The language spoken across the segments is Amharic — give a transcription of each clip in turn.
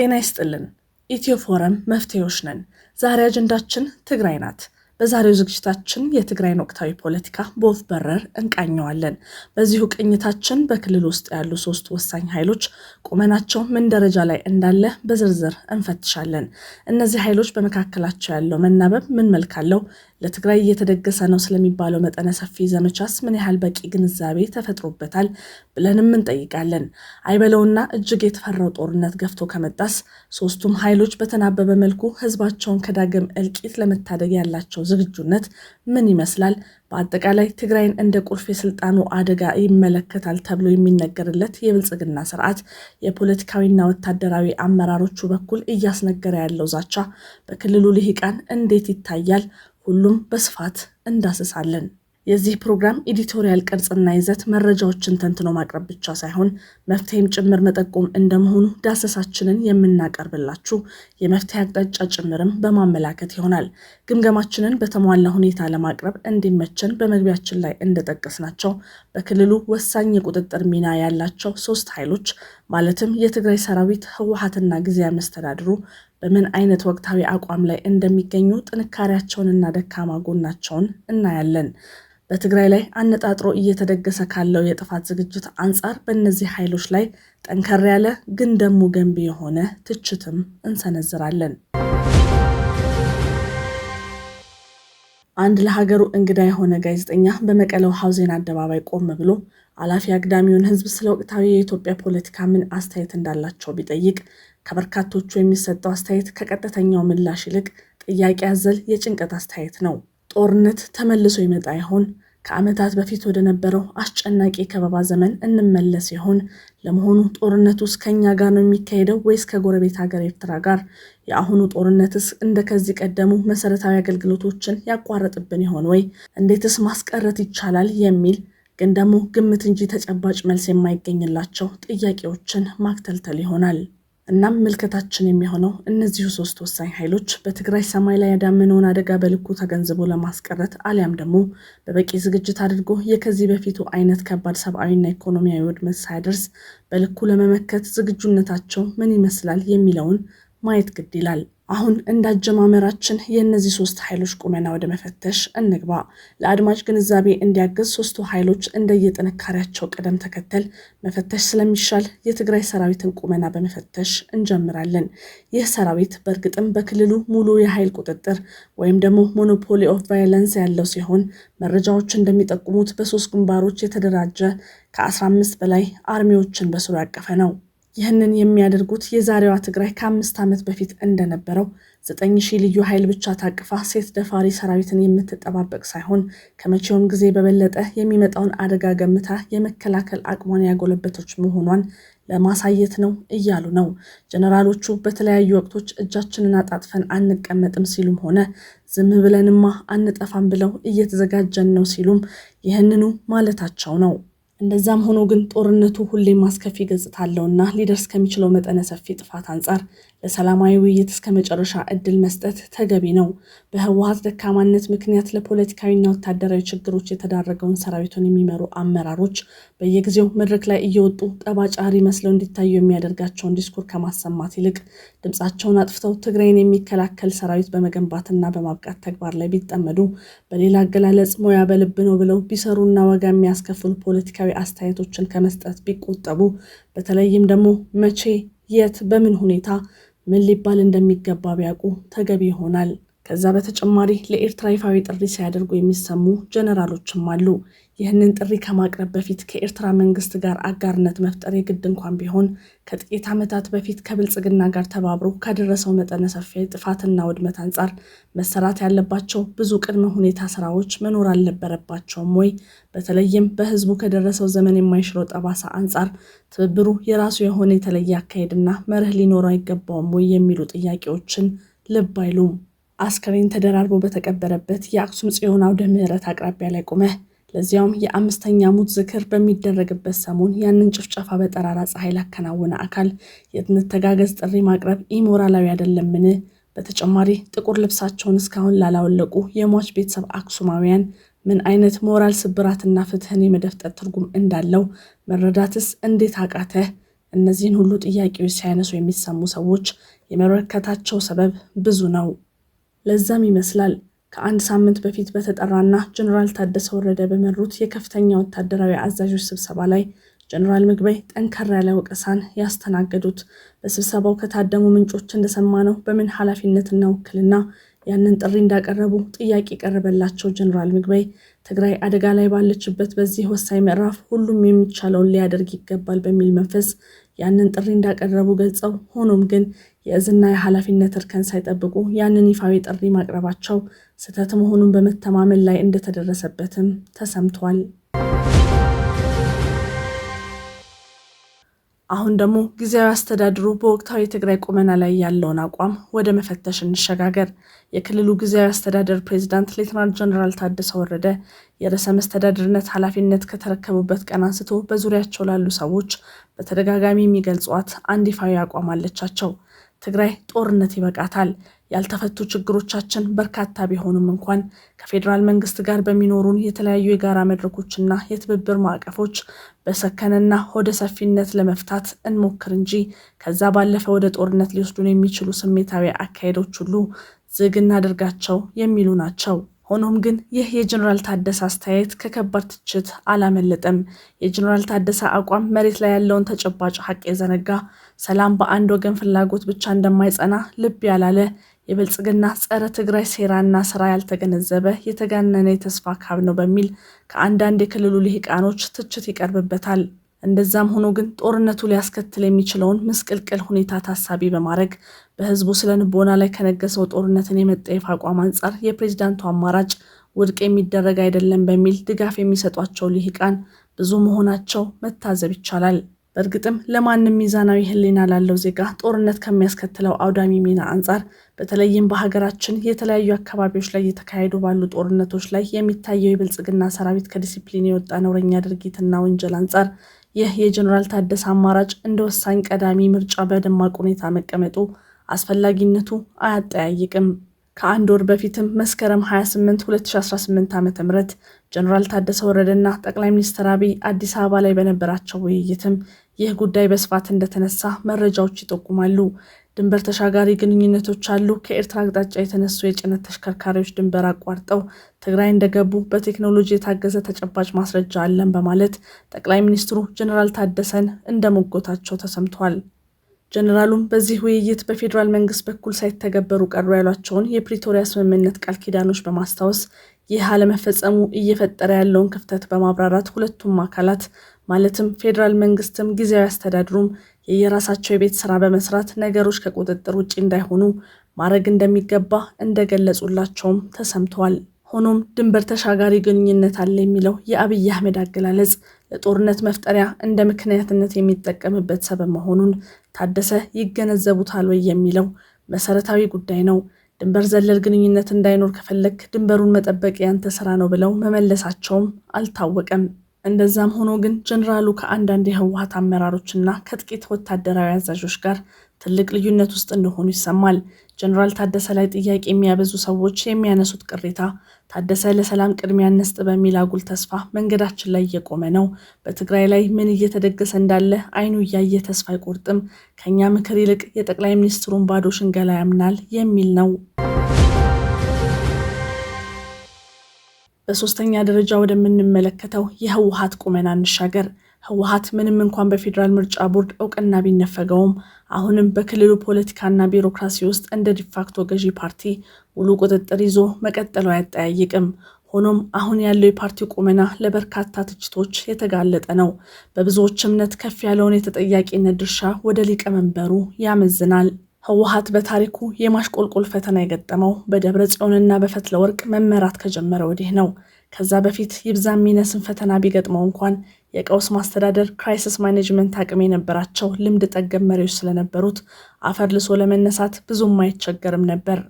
ጤና ይስጥልን። ኢትዮ ፎረም መፍትሄዎች ነን። ዛሬ አጀንዳችን ትግራይ ናት። በዛሬው ዝግጅታችን የትግራይን ወቅታዊ ፖለቲካ በወፍ በረር እንቃኘዋለን። በዚሁ ቅኝታችን በክልል ውስጥ ያሉ ሶስት ወሳኝ ኃይሎች ቁመናቸው ምን ደረጃ ላይ እንዳለ በዝርዝር እንፈትሻለን። እነዚህ ኃይሎች በመካከላቸው ያለው መናበብ ምን መልክ አለው? ለትግራይ እየተደገሰ ነው ስለሚባለው መጠነ ሰፊ ዘመቻስ ምን ያህል በቂ ግንዛቤ ተፈጥሮበታል ብለንም እንጠይቃለን። አይበለውና እጅግ የተፈራው ጦርነት ገፍቶ ከመጣስ ሶስቱም ኃይሎች በተናበበ መልኩ ህዝባቸውን ከዳግም እልቂት ለመታደግ ያላቸው ዝግጁነት ምን ይመስላል? በአጠቃላይ ትግራይን እንደ ቁልፍ የስልጣኑ አደጋ ይመለከታል ተብሎ የሚነገርለት የብልጽግና ስርዓት የፖለቲካዊና ወታደራዊ አመራሮቹ በኩል እያስነገረ ያለው ዛቻ በክልሉ ልሂቃን እንዴት ይታያል? ሁሉም በስፋት እንዳስሳለን። የዚህ ፕሮግራም ኤዲቶሪያል ቅርጽና ይዘት መረጃዎችን ተንትኖ ማቅረብ ብቻ ሳይሆን መፍትሄም ጭምር መጠቆም እንደመሆኑ ዳሰሳችንን የምናቀርብላችሁ የመፍትሄ አቅጣጫ ጭምርም በማመላከት ይሆናል። ግምገማችንን በተሟላ ሁኔታ ለማቅረብ እንዲመቸን በመግቢያችን ላይ እንደጠቀስናቸው በክልሉ ወሳኝ የቁጥጥር ሚና ያላቸው ሶስት ኃይሎች ማለትም የትግራይ ሰራዊት፣ ህወሀትና ጊዜያዊ መስተዳድሩ በምን አይነት ወቅታዊ አቋም ላይ እንደሚገኙ ጥንካሬያቸውንና ደካማ ጎናቸውን እናያለን። በትግራይ ላይ አነጣጥሮ እየተደገሰ ካለው የጥፋት ዝግጅት አንጻር በእነዚህ ኃይሎች ላይ ጠንከር ያለ ግን ደሞ ገንቢ የሆነ ትችትም እንሰነዝራለን። አንድ ለሀገሩ እንግዳ የሆነ ጋዜጠኛ በመቀለው ሐውዜን አደባባይ ቆም ብሎ አላፊ አግዳሚውን ሕዝብ ስለ ወቅታዊ የኢትዮጵያ ፖለቲካ ምን አስተያየት እንዳላቸው ቢጠይቅ ከበርካቶቹ የሚሰጠው አስተያየት ከቀጥተኛው ምላሽ ይልቅ ጥያቄ አዘል የጭንቀት አስተያየት ነው። ጦርነት ተመልሶ ይመጣ ይሆን? ከዓመታት በፊት ወደ ነበረው አስጨናቂ የከበባ ዘመን እንመለስ ይሆን? ለመሆኑ ጦርነቱ ውስጥ ጋር ነው የሚካሄደው ወይስ ከጎረቤት ሀገር ኤርትራ ጋር? የአሁኑ ጦርነትስ እንደ ከዚህ ቀደሙ መሰረታዊ አገልግሎቶችን ያቋረጥብን ይሆን ወይ? እንዴትስ ማስቀረት ይቻላል? የሚል ግን ደግሞ ግምት እንጂ ተጨባጭ መልስ የማይገኝላቸው ጥያቄዎችን ማክተልተል ይሆናል። እናም ምልከታችን የሚሆነው እነዚሁ ሶስት ወሳኝ ኃይሎች በትግራይ ሰማይ ላይ ያዳመነውን አደጋ በልኩ ተገንዝቦ ለማስቀረት አሊያም ደግሞ በበቂ ዝግጅት አድርጎ የከዚህ በፊቱ አይነት ከባድ ሰብአዊና ኢኮኖሚያዊ ውድመት ሳያደርስ በልኩ ለመመከት ዝግጁነታቸው ምን ይመስላል የሚለውን ማየት ግድ ይላል። አሁን እንዳጀማመራችን የእነዚህ ሶስት ኃይሎች ቁመና ወደ መፈተሽ እንግባ። ለአድማጭ ግንዛቤ እንዲያግዝ ሶስቱ ኃይሎች እንደየጥንካሬያቸው ቅደም ተከተል መፈተሽ ስለሚሻል የትግራይ ሰራዊትን ቁመና በመፈተሽ እንጀምራለን። ይህ ሰራዊት በእርግጥም በክልሉ ሙሉ የኃይል ቁጥጥር ወይም ደግሞ ሞኖፖሊ ኦፍ ቫዮለንስ ያለው ሲሆን መረጃዎች እንደሚጠቁሙት በሶስት ግንባሮች የተደራጀ ከ15 በላይ አርሚዎችን በስሩ ያቀፈ ነው። ይህንን የሚያደርጉት የዛሬዋ ትግራይ ከአምስት ዓመት በፊት እንደነበረው ዘጠኝ ሺህ ልዩ ኃይል ብቻ ታቅፋ ሴት ደፋሪ ሰራዊትን የምትጠባበቅ ሳይሆን ከመቼውም ጊዜ በበለጠ የሚመጣውን አደጋ ገምታ የመከላከል አቅሟን ያጎለበቶች መሆኗን ለማሳየት ነው እያሉ ነው ጀነራሎቹ። በተለያዩ ወቅቶች እጃችንን አጣጥፈን አንቀመጥም ሲሉም ሆነ ዝም ብለንማ አንጠፋም ብለው እየተዘጋጀን ነው ሲሉም ይህንኑ ማለታቸው ነው። እንደዛም ሆኖ ግን ጦርነቱ ሁሌም አስከፊ ገጽታ አለውና ሊደርስ ከሚችለው መጠነ ሰፊ ጥፋት አንጻር ለሰላማዊ ውይይት እስከ መጨረሻ እድል መስጠት ተገቢ ነው። በህወሀት ደካማነት ምክንያት ለፖለቲካዊና ወታደራዊ ችግሮች የተዳረገውን ሰራዊቱን የሚመሩ አመራሮች በየጊዜው መድረክ ላይ እየወጡ ጠባጫሪ መስለው እንዲታዩ የሚያደርጋቸውን ዲስኩር ከማሰማት ይልቅ ድምፃቸውን አጥፍተው ትግራይን የሚከላከል ሰራዊት በመገንባትና በማብቃት ተግባር ላይ ቢጠመዱ፣ በሌላ አገላለጽ ሞያ በልብ ነው ብለው ቢሰሩና ዋጋ የሚያስከፍሉ ፖለቲካዊ አስተያየቶችን ከመስጠት ቢቆጠቡ፣ በተለይም ደግሞ መቼ፣ የት፣ በምን ሁኔታ ምን ሊባል እንደሚገባ ቢያውቁ ተገቢ ይሆናል። ከዛ በተጨማሪ ለኤርትራ ይፋዊ ጥሪ ሲያደርጉ የሚሰሙ ጀነራሎችም አሉ። ይህንን ጥሪ ከማቅረብ በፊት ከኤርትራ መንግስት ጋር አጋርነት መፍጠር የግድ እንኳን ቢሆን ከጥቂት ዓመታት በፊት ከብልጽግና ጋር ተባብሮ ከደረሰው መጠነ ሰፊ ጥፋትና ውድመት አንጻር መሰራት ያለባቸው ብዙ ቅድመ ሁኔታ ስራዎች መኖር አልነበረባቸውም ወይ? በተለይም በህዝቡ ከደረሰው ዘመን የማይሽረው ጠባሳ አንጻር ትብብሩ የራሱ የሆነ የተለየ አካሄድና መርህ ሊኖረው አይገባውም ወይ የሚሉ ጥያቄዎችን ልብ አይሉም። አስከሬን ተደራርቦ በተቀበረበት የአክሱም ጽዮን አውደ ምሕረት አቅራቢያ ላይ ቆመ። ለዚያውም የአምስተኛ ሙት ዝክር በሚደረግበት ሰሞን ያንን ጭፍጨፋ በጠራራ ፀሐይ ላከናወነ አካል የንተጋገዝ ጥሪ ማቅረብ ኢሞራላዊ አይደለምን? በተጨማሪ ጥቁር ልብሳቸውን እስካሁን ላላወለቁ የሟች ቤተሰብ አክሱማውያን ምን አይነት ሞራል ስብራትና ፍትህን የመደፍጠት ትርጉም እንዳለው መረዳትስ እንዴት አቃተ? እነዚህን ሁሉ ጥያቄዎች ሲያነሱ የሚሰሙ ሰዎች የመበረከታቸው ሰበብ ብዙ ነው። ለዛም ይመስላል ከአንድ ሳምንት በፊት በተጠራና ጀኔራል ታደሰ ወረደ በመሩት የከፍተኛ ወታደራዊ አዛዦች ስብሰባ ላይ ጀኔራል ምግበይ ጠንከር ያለ ወቀሳን ያስተናገዱት። በስብሰባው ከታደሙ ምንጮች እንደሰማነው በምን ኃላፊነትና ውክልና ያንን ጥሪ እንዳቀረቡ ጥያቄ የቀረበላቸው ጀኔራል ምግበይ ትግራይ አደጋ ላይ ባለችበት በዚህ ወሳኝ ምዕራፍ ሁሉም የሚቻለውን ሊያደርግ ይገባል በሚል መንፈስ ያንን ጥሪ እንዳቀረቡ ገልጸው ሆኖም ግን የእዝና የኃላፊነት እርከን ሳይጠብቁ ያንን ይፋዊ ጥሪ ማቅረባቸው ስህተት መሆኑን በመተማመን ላይ እንደተደረሰበትም ተሰምቷል። አሁን ደግሞ ጊዜያዊ አስተዳድሩ በወቅታዊ የትግራይ ቁመና ላይ ያለውን አቋም ወደ መፈተሽ እንሸጋገር። የክልሉ ጊዜያዊ አስተዳደር ፕሬዚዳንት ሌትናንት ጀኔራል ታደሰ ወረደ የርዕሰ መስተዳድርነት ኃላፊነት ከተረከቡበት ቀን አንስቶ በዙሪያቸው ላሉ ሰዎች በተደጋጋሚ የሚገልጿት አንድ ይፋዊ አቋም አለቻቸው። ትግራይ ጦርነት ይበቃታል። ያልተፈቱ ችግሮቻችን በርካታ ቢሆኑም እንኳን ከፌዴራል መንግስት ጋር በሚኖሩን የተለያዩ የጋራ መድረኮችና የትብብር ማዕቀፎች በሰከነና ሆደ ሰፊነት ለመፍታት እንሞክር እንጂ ከዛ ባለፈ ወደ ጦርነት ሊወስዱን የሚችሉ ስሜታዊ አካሄዶች ሁሉ ዝግ እናደርጋቸው የሚሉ ናቸው። ሆኖም ግን ይህ የጀኔራል ታደሰ አስተያየት ከከባድ ትችት አላመለጠም። የጀኔራል ታደሰ አቋም መሬት ላይ ያለውን ተጨባጭ ሀቅ የዘነጋ ሰላም በአንድ ወገን ፍላጎት ብቻ እንደማይጸና ልብ ያላለ የብልጽግና ጸረ ትግራይ ሴራና ስራ ያልተገነዘበ የተጋነነ የተስፋ ካብ ነው በሚል ከአንዳንድ የክልሉ ልሂቃኖች ትችት ይቀርብበታል። እንደዛም ሆኖ ግን ጦርነቱ ሊያስከትል የሚችለውን ምስቅልቅል ሁኔታ ታሳቢ በማድረግ በህዝቡ ስለ ንቦና ላይ ከነገሰው ጦርነትን የመጠየፍ አቋም አንጻር የፕሬዚዳንቱ አማራጭ ውድቅ የሚደረግ አይደለም በሚል ድጋፍ የሚሰጧቸው ልሂቃን ብዙ መሆናቸው መታዘብ ይቻላል። በእርግጥም ለማንም ሚዛናዊ ህሊና ላለው ዜጋ ጦርነት ከሚያስከትለው አውዳሚ ሚና አንጻር በተለይም በሀገራችን የተለያዩ አካባቢዎች ላይ የተካሄዱ ባሉ ጦርነቶች ላይ የሚታየው የብልጽግና ሰራዊት ከዲሲፕሊን የወጣ ነውረኛ ድርጊትና ወንጀል አንጻር ይህ የጀኔራል ታደሰ አማራጭ እንደ ወሳኝ ቀዳሚ ምርጫ በደማቅ ሁኔታ መቀመጡ አስፈላጊነቱ አያጠያይቅም። ከአንድ ወር በፊትም መስከረም 28 2018 ዓ ም ጀኔራል ታደሰ ወረደና ጠቅላይ ሚኒስትር አብይ አዲስ አበባ ላይ በነበራቸው ውይይትም ይህ ጉዳይ በስፋት እንደተነሳ መረጃዎች ይጠቁማሉ። ድንበር ተሻጋሪ ግንኙነቶች አሉ። ከኤርትራ አቅጣጫ የተነሱ የጭነት ተሽከርካሪዎች ድንበር አቋርጠው ትግራይ እንደገቡ በቴክኖሎጂ የታገዘ ተጨባጭ ማስረጃ አለን በማለት ጠቅላይ ሚኒስትሩ ጀኔራል ታደሰን እንደሞጎታቸው ተሰምቷል። ጀኔራሉም በዚህ ውይይት በፌዴራል መንግስት በኩል ሳይተገበሩ ቀሩ ያሏቸውን የፕሪቶሪያ ስምምነት ቃል ኪዳኖች በማስታወስ ይህ አለመፈጸሙ እየፈጠረ ያለውን ክፍተት በማብራራት ሁለቱም አካላት ማለትም ፌዴራል መንግስትም ጊዜያዊ አስተዳድሩም የየራሳቸው የቤት ስራ በመስራት ነገሮች ከቁጥጥር ውጭ እንዳይሆኑ ማድረግ እንደሚገባ እንደገለጹላቸውም ተሰምተዋል። ሆኖም ድንበር ተሻጋሪ ግንኙነት አለ የሚለው የአብይ አህመድ አገላለጽ ለጦርነት መፍጠሪያ እንደ ምክንያትነት የሚጠቀምበት ሰበብ መሆኑን ታደሰ ይገነዘቡታል ወይ የሚለው መሰረታዊ ጉዳይ ነው። ድንበር ዘለል ግንኙነት እንዳይኖር ከፈለክ ድንበሩን መጠበቅ ያንተ ስራ ነው ብለው መመለሳቸውም አልታወቀም። እንደዛም ሆኖ ግን ጀኔራሉ ከአንዳንድ የህወሀት አመራሮችና ከጥቂት ወታደራዊ አዛዦች ጋር ትልቅ ልዩነት ውስጥ እንደሆኑ ይሰማል። ጀኔራል ታደሰ ላይ ጥያቄ የሚያበዙ ሰዎች የሚያነሱት ቅሬታ ታደሰ ለሰላም ቅድሚያ እንስጥ በሚል አጉል ተስፋ መንገዳችን ላይ እየቆመ ነው፣ በትግራይ ላይ ምን እየተደገሰ እንዳለ አይኑ እያየ ተስፋ አይቆርጥም፣ ከእኛ ምክር ይልቅ የጠቅላይ ሚኒስትሩን ባዶ ሽንገላ ያምናል የሚል ነው። በሶስተኛ ደረጃ ወደምንመለከተው የህወሀት ቁመና እንሻገር። ህወሀት ምንም እንኳን በፌዴራል ምርጫ ቦርድ እውቅና ቢነፈገውም አሁንም በክልሉ ፖለቲካና ቢሮክራሲ ውስጥ እንደ ዲፋክቶ ገዢ ፓርቲ ሙሉ ቁጥጥር ይዞ መቀጠሉ አያጠያይቅም። ሆኖም አሁን ያለው የፓርቲው ቁመና ለበርካታ ትችቶች የተጋለጠ ነው። በብዙዎች እምነት ከፍ ያለውን የተጠያቂነት ድርሻ ወደ ሊቀመንበሩ ያመዝናል። ህወሓት በታሪኩ የማሽቆልቆል ፈተና የገጠመው በደብረ ጽዮንና በፈትለ ወርቅ መመራት ከጀመረ ወዲህ ነው። ከዛ በፊት ይብዛ የሚነስን ፈተና ቢገጥመው እንኳን የቀውስ ማስተዳደር ክራይሲስ ማኔጅመንት አቅም የነበራቸው ልምድ ጠገብ መሪዎች ስለነበሩት አፈር ልሶ ለመነሳት ብዙም አይቸገርም ነበር።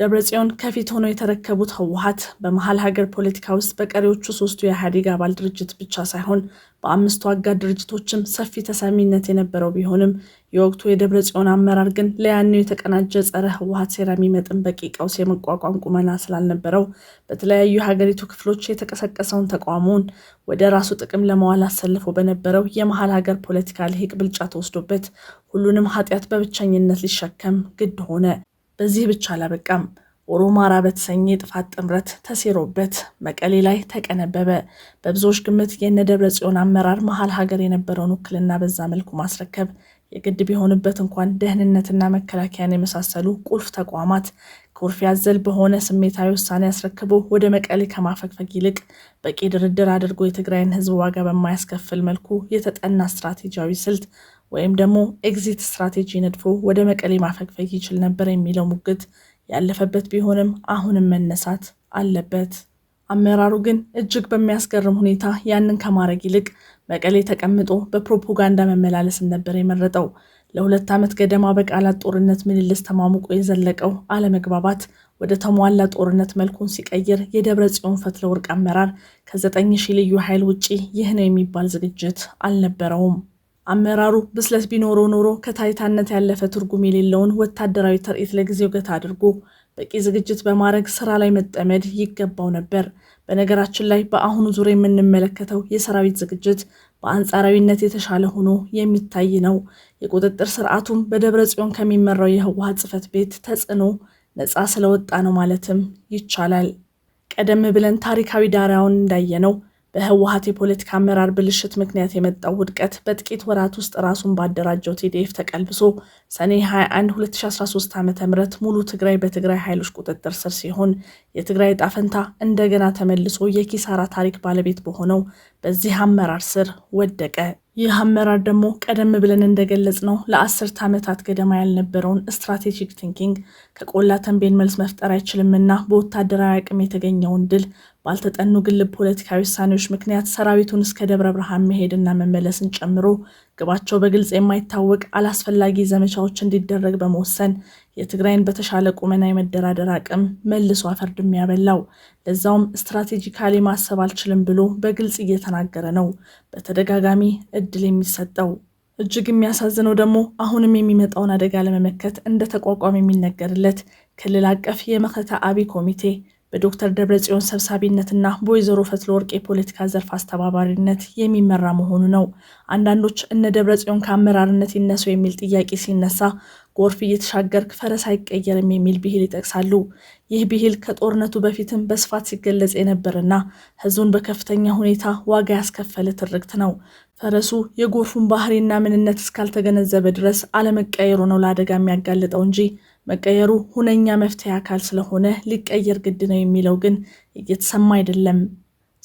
ደብረጽዮን ከፊት ሆነው የተረከቡት ህወሀት በመሀል ሀገር ፖለቲካ ውስጥ በቀሪዎቹ ሶስቱ የኢህአዴግ አባል ድርጅት ብቻ ሳይሆን በአምስቱ አጋር ድርጅቶችም ሰፊ ተሰሚነት የነበረው ቢሆንም የወቅቱ የደብረጽዮን አመራር ግን ለያኔው የተቀናጀ ጸረ ህወሀት ሴራ የሚመጥን በቂ ቀውስ የመቋቋም ቁመና ስላልነበረው በተለያዩ የሀገሪቱ ክፍሎች የተቀሰቀሰውን ተቃውሞውን ወደ ራሱ ጥቅም ለማዋል አሰልፎ በነበረው የመሀል ሀገር ፖለቲካ ልሂቅ ብልጫ ተወስዶበት ሁሉንም ኃጢአት በብቸኝነት ሊሸከም ግድ ሆነ። በዚህ ብቻ አላበቃም። ኦሮማራ በተሰኘ የጥፋት ጥምረት ተሴሮበት መቀሌ ላይ ተቀነበበ። በብዙዎች ግምት የነ ደብረ ጽዮን አመራር መሀል ሀገር የነበረውን ውክልና በዛ መልኩ ማስረከብ የግድ ቢሆንበት እንኳን ደህንነትና መከላከያን የመሳሰሉ ቁልፍ ተቋማት ከውርፊያ ያዘል በሆነ ስሜታዊ ውሳኔ አስረክቦ ወደ መቀሌ ከማፈግፈግ ይልቅ በቂ ድርድር አድርጎ የትግራይን ሕዝብ ዋጋ በማያስከፍል መልኩ የተጠና ስትራቴጂያዊ ስልት ወይም ደግሞ ኤግዚት ስትራቴጂ ነድፎ ወደ መቀሌ ማፈግፈግ ይችል ነበር የሚለው ሙግት ያለፈበት ቢሆንም አሁንም መነሳት አለበት። አመራሩ ግን እጅግ በሚያስገርም ሁኔታ ያንን ከማድረግ ይልቅ መቀሌ ተቀምጦ በፕሮፓጋንዳ መመላለስን ነበር የመረጠው። ለሁለት ዓመት ገደማ በቃላት ጦርነት ምልልስ ተማሙቆ የዘለቀው አለመግባባት ወደ ተሟላ ጦርነት መልኩን ሲቀይር የደብረ ጽዮን ፈትለ ወርቅ አመራር ከዘጠኝ ሺህ ልዩ ኃይል ውጪ ይህ ነው የሚባል ዝግጅት አልነበረውም። አመራሩ ብስለት ቢኖረው ኖሮ ከታይታነት ያለፈ ትርጉም የሌለውን ወታደራዊ ትርኢት ለጊዜው ገታ አድርጎ በቂ ዝግጅት በማድረግ ስራ ላይ መጠመድ ይገባው ነበር። በነገራችን ላይ በአሁኑ ዙር የምንመለከተው የሰራዊት ዝግጅት በአንጻራዊነት የተሻለ ሆኖ የሚታይ ነው። የቁጥጥር ስርዓቱም በደብረ ጽዮን ከሚመራው የህወሓት ጽህፈት ቤት ተጽዕኖ ነፃ ስለወጣ ነው ማለትም ይቻላል። ቀደም ብለን ታሪካዊ ዳራውን እንዳየነው በህወሀት የፖለቲካ አመራር ብልሽት ምክንያት የመጣው ውድቀት በጥቂት ወራት ውስጥ ራሱን ባደራጀው ቲዲኤፍ ተቀልብሶ ሰኔ 21 2013 ዓ ም ሙሉ ትግራይ በትግራይ ኃይሎች ቁጥጥር ስር ሲሆን የትግራይ ጣፈንታ እንደገና ተመልሶ የኪሳራ ታሪክ ባለቤት በሆነው በዚህ አመራር ስር ወደቀ። ይህ አመራር ደግሞ ቀደም ብለን እንደገለጽ ነው ለአስርተ ዓመታት ገደማ ያልነበረውን ስትራቴጂክ ቲንኪንግ ከቆላ ተንቤን መልስ መፍጠር አይችልምና በወታደራዊ አቅም የተገኘውን ድል ባልተጠኑ ግልብ ፖለቲካዊ ውሳኔዎች ምክንያት ሰራዊቱን እስከ ደብረ ብርሃን መሄድና መመለስን ጨምሮ ግባቸው በግልጽ የማይታወቅ አላስፈላጊ ዘመቻዎች እንዲደረግ በመወሰን የትግራይን በተሻለ ቁመና የመደራደር አቅም መልሶ አፈርድ የሚያበላው ለዛውም ስትራቴጂካሊ ማሰብ አልችልም ብሎ በግልጽ እየተናገረ ነው በተደጋጋሚ እድል የሚሰጠው። እጅግ የሚያሳዝነው ደግሞ አሁንም የሚመጣውን አደጋ ለመመከት እንደ ተቋቋም የሚነገርለት ክልል አቀፍ የመከታ አቢ ኮሚቴ በዶክተር ደብረጽዮን ሰብሳቢነትና በወይዘሮ ፈትለወርቅ ወርቅ የፖለቲካ ዘርፍ አስተባባሪነት የሚመራ መሆኑ ነው። አንዳንዶች እነ ደብረጽዮን ከአመራርነት ይነሱ የሚል ጥያቄ ሲነሳ ጎርፍ እየተሻገርክ ፈረስ አይቀየርም የሚል ብሂል ይጠቅሳሉ። ይህ ብሂል ከጦርነቱ በፊትም በስፋት ሲገለጽ የነበርና ህዝቡን በከፍተኛ ሁኔታ ዋጋ ያስከፈለ ትርክት ነው። ፈረሱ የጎርፉን ባህሪና ምንነት እስካልተገነዘበ ድረስ አለመቀየሩ ነው ለአደጋ የሚያጋልጠው እንጂ መቀየሩ ሁነኛ መፍትሄ አካል ስለሆነ ሊቀየር ግድ ነው የሚለው ግን እየተሰማ አይደለም።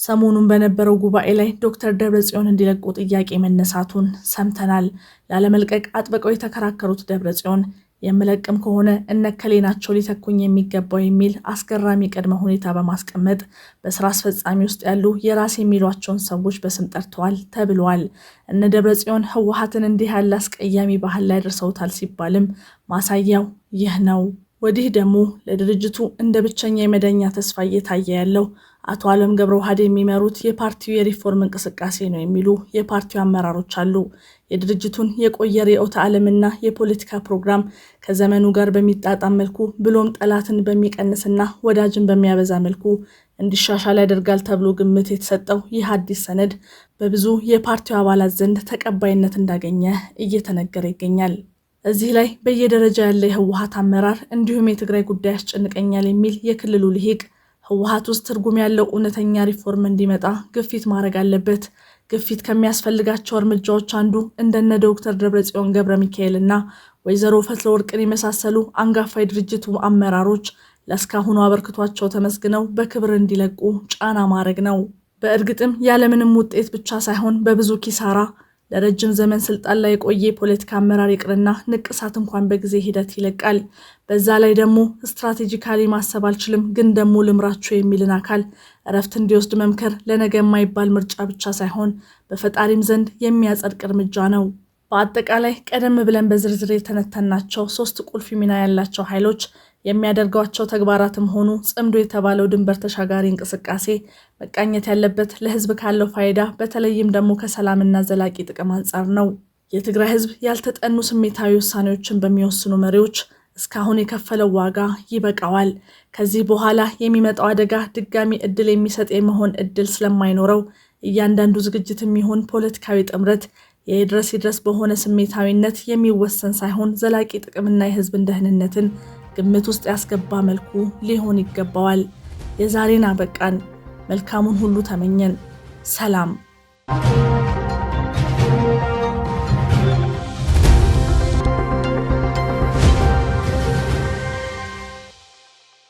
ሰሞኑን በነበረው ጉባኤ ላይ ዶክተር ደብረጽዮን እንዲለቁ ጥያቄ መነሳቱን ሰምተናል። ላለመልቀቅ አጥብቀው የተከራከሩት ደብረጽዮን የምለቅም ከሆነ እነከሌ ናቸው ሊተኩኝ የሚገባው የሚል አስገራሚ ቅድመ ሁኔታ በማስቀመጥ በስራ አስፈጻሚ ውስጥ ያሉ የራስ የሚሏቸውን ሰዎች በስም ጠርተዋል ተብሏል። እነ ደብረጽዮን ህወሀትን እንዲህ ያለ አስቀያሚ ባህል ላይ ደርሰውታል ሲባልም ማሳያው ይህ ነው። ወዲህ ደግሞ ለድርጅቱ እንደ ብቸኛ የመዳኛ ተስፋ እየታየ ያለው አቶ አለም ገብረ ውሃድ የሚመሩት የፓርቲው የሪፎርም እንቅስቃሴ ነው የሚሉ የፓርቲው አመራሮች አሉ። የድርጅቱን የቆየ ርዕዮተ ዓለምና የፖለቲካ ፕሮግራም ከዘመኑ ጋር በሚጣጣም መልኩ ብሎም ጠላትን በሚቀንስና ወዳጅን በሚያበዛ መልኩ እንዲሻሻል ያደርጋል ተብሎ ግምት የተሰጠው ይህ አዲስ ሰነድ በብዙ የፓርቲው አባላት ዘንድ ተቀባይነት እንዳገኘ እየተነገረ ይገኛል። እዚህ ላይ በየደረጃ ያለ የህወሀት አመራር እንዲሁም የትግራይ ጉዳይ ያስጨንቀኛል የሚል የክልሉ ልሂቅ ህወሀት ውስጥ ትርጉም ያለው እውነተኛ ሪፎርም እንዲመጣ ግፊት ማድረግ አለበት። ግፊት ከሚያስፈልጋቸው እርምጃዎች አንዱ እንደነ ዶክተር ደብረጽዮን ገብረ ሚካኤል እና ወይዘሮ ፈትለወርቅን የመሳሰሉ አንጋፋ የድርጅቱ አመራሮች ለእስካሁኑ አበርክቷቸው ተመስግነው በክብር እንዲለቁ ጫና ማድረግ ነው። በእርግጥም ያለምንም ውጤት ብቻ ሳይሆን በብዙ ኪሳራ ለረጅም ዘመን ስልጣን ላይ የቆየ የፖለቲካ አመራር ይቅርና ንቅሳት እንኳን በጊዜ ሂደት ይለቃል። በዛ ላይ ደግሞ ስትራቴጂካሊ ማሰብ አልችልም፣ ግን ደግሞ ልምራችሁ የሚልን አካል እረፍት እንዲወስድ መምከር ለነገ የማይባል ምርጫ ብቻ ሳይሆን በፈጣሪም ዘንድ የሚያጸድቅ እርምጃ ነው። በአጠቃላይ ቀደም ብለን በዝርዝር የተነተናቸው ሶስት ቁልፍ ሚና ያላቸው ኃይሎች የሚያደርጓቸው ተግባራትም ሆኑ ጽምዶ የተባለው ድንበር ተሻጋሪ እንቅስቃሴ መቃኘት ያለበት ለህዝብ ካለው ፋይዳ በተለይም ደግሞ ከሰላምና ዘላቂ ጥቅም አንጻር ነው። የትግራይ ህዝብ ያልተጠኑ ስሜታዊ ውሳኔዎችን በሚወስኑ መሪዎች እስካሁን የከፈለው ዋጋ ይበቃዋል። ከዚህ በኋላ የሚመጣው አደጋ ድጋሚ እድል የሚሰጥ የመሆን እድል ስለማይኖረው እያንዳንዱ ዝግጅት የሚሆን ፖለቲካዊ ጥምረት የድረስ ይድረስ በሆነ ስሜታዊነት የሚወሰን ሳይሆን ዘላቂ ጥቅምና የህዝብን ደህንነትን ግምት ውስጥ ያስገባ መልኩ ሊሆን ይገባዋል። የዛሬን አበቃን። መልካሙን ሁሉ ተመኘን። ሰላም